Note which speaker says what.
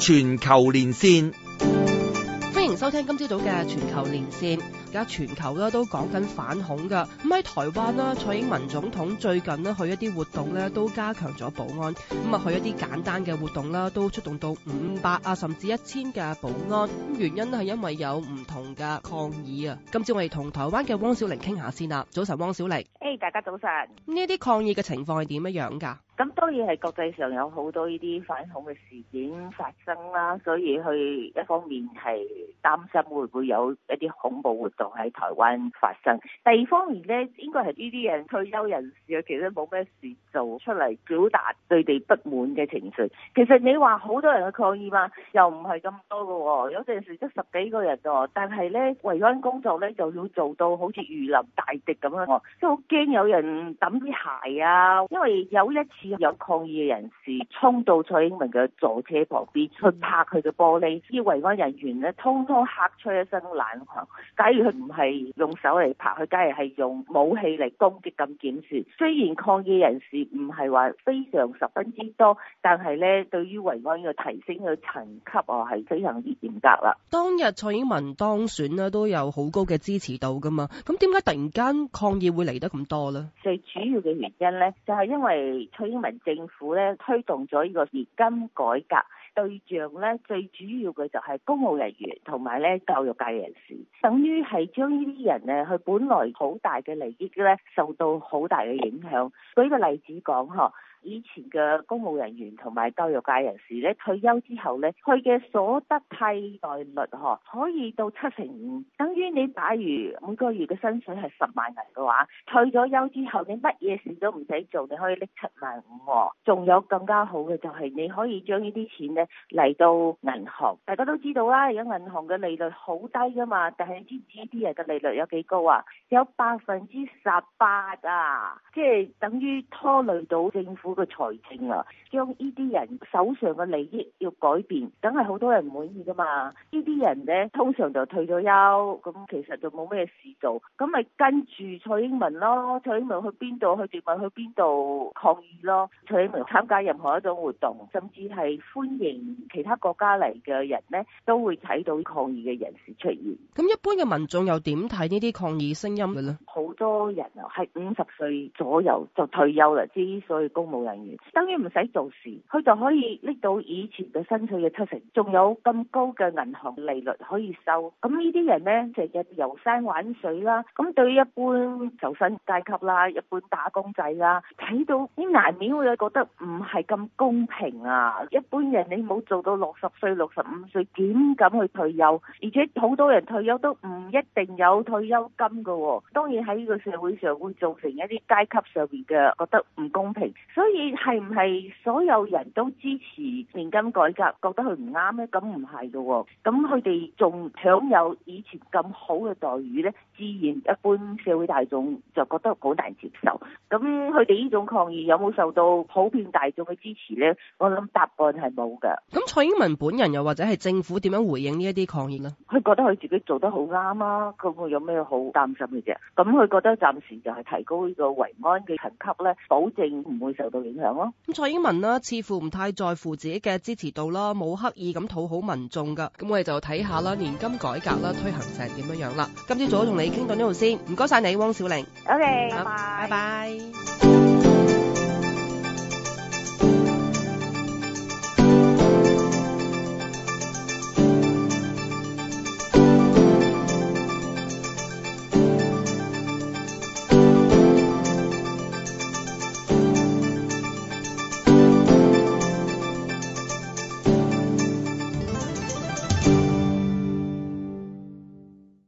Speaker 1: 全球連線，
Speaker 2: 歡迎收聽今朝早嘅全球連線。而家全球啦都講緊反恐噶，咁喺台灣啦，蔡英文總統最近咧去一啲活動咧都加強咗保安，咁啊去一啲簡單嘅活動啦都出動到五百啊甚至一千嘅保安，原因咧係因為有唔同嘅抗議啊。今次我哋同台灣嘅汪小玲傾下先啦，早晨汪小玲。
Speaker 1: 誒、hey，大家早晨。
Speaker 2: 呢啲抗議嘅情況係點樣樣噶？
Speaker 1: 咁當然係國際上有好多呢啲反恐嘅事件發生啦，所以佢一方面係擔心會唔會有一啲恐怖活動。就喺台灣發生。第二方面咧，應該係呢啲人退休人士啊，其實冇咩事做出嚟表達對哋不滿嘅情緒。其實你話好多人嘅抗議嘛，又唔係咁多嘅喎、哦，有陣時得十幾個人喎、哦。但係咧，維安工作咧就要做到好似如臨大敵咁樣、哦，即係好驚有人抌啲鞋啊。因為有一次有抗議嘅人士衝到蔡英文嘅座車旁邊去拍佢嘅玻璃，啲維安人員咧通通吓出一身冷汗。假如佢唔係用手嚟拍，佢梗係係用武器嚟攻擊咁檢視。雖然抗議人士唔係話非常十分之多，但係咧對於維安嘅提升嘅層級啊，係非常之嚴格啦。
Speaker 2: 當日蔡英文當選啦，都有好高嘅支持度㗎嘛。咁點解突然間抗議會嚟得咁多呢？
Speaker 1: 最主要嘅原因呢，就係、是、因為蔡英文政府咧推動咗呢個年金改革。對象咧最主要嘅就係公務人員同埋咧教育界嘅人士，等於係將這些人呢啲人咧，佢本來好大嘅利益咧受到好大嘅影響。舉個例子講，嚇。以前嘅公務人員同埋教育界人士咧，退休之後咧，佢嘅所得替代率可以到七成五，等於你，假如每個月嘅薪水係十萬銀嘅話，退咗休之後，你乜嘢事都唔使做，你可以拎七萬五，哦。仲有更加好嘅就係你可以將呢啲錢咧嚟到銀行，大家都知道啦，啊，而家銀行嘅利率好低噶嘛，但係你知唔知啲人嘅利率有幾高啊？有百分之十八啊，即係等於拖累到政府。嗰個財政啊，將呢啲人手上嘅利益要改變，梗係好多人唔滿意㗎嘛。呢啲人咧通常就退咗休，咁其實就冇咩事做，咁咪跟住蔡英文咯。蔡英文去邊度，佢哋咪去邊度抗議咯。蔡英文參加任何一種活動，甚至係歡迎其他國家嚟嘅人咧，都會睇到抗議嘅人士出現。
Speaker 2: 咁一般嘅民眾又點睇呢啲抗議聲音
Speaker 1: 嘅咧？好多人啊，係五十歲左右就退休啦，之所以公務。等於唔使做事，佢就可以拎到以前嘅薪水嘅七成，仲有咁高嘅銀行利率可以收。咁呢啲人呢，成日遊山玩水啦。咁對一般受薪階級啦，一般打工仔啦，睇到，難免會覺得唔係咁公平啊！一般人你冇做到六十歲、六十五歲，點敢去退休？而且好多人退休都唔一定有退休金噶。當然喺呢個社會上，會造成一啲階級上面嘅覺得唔公平。所所以係唔係所有人都支持年金改革，覺得佢唔啱呢？咁唔係嘅，咁佢哋仲享有以前咁好嘅待遇呢？自然一般社會大眾就覺得好難接受。咁佢哋呢種抗議有冇受到普遍大眾嘅支持呢？我諗答案係冇嘅。
Speaker 2: 咁蔡英文本人又或者係政府點樣回應呢一啲抗議呢？
Speaker 1: 佢覺得佢自己做得好啱啊，佢有咩好擔心嘅啫。咁佢覺得暫時就係提高呢個維安嘅層級呢，保證唔會受到。
Speaker 2: 咁蔡英文咧，似乎唔太在乎自己嘅支持度啦，冇刻意咁討好民眾噶。咁我哋就睇下啦，年金改革啦推行成點樣樣啦。今朝早同你傾到呢度先，唔該晒你，汪小玲。
Speaker 1: OK，拜拜。